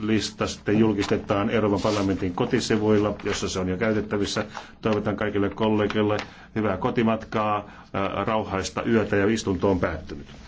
lista sitten julkistetaan Euroopan parlamentin kotisivuilla, jossa se on jo käytettävissä. Toivotan kaikille kollegille hyvää kotimatkaa, rauhaista yötä ja istunto on päättynyt.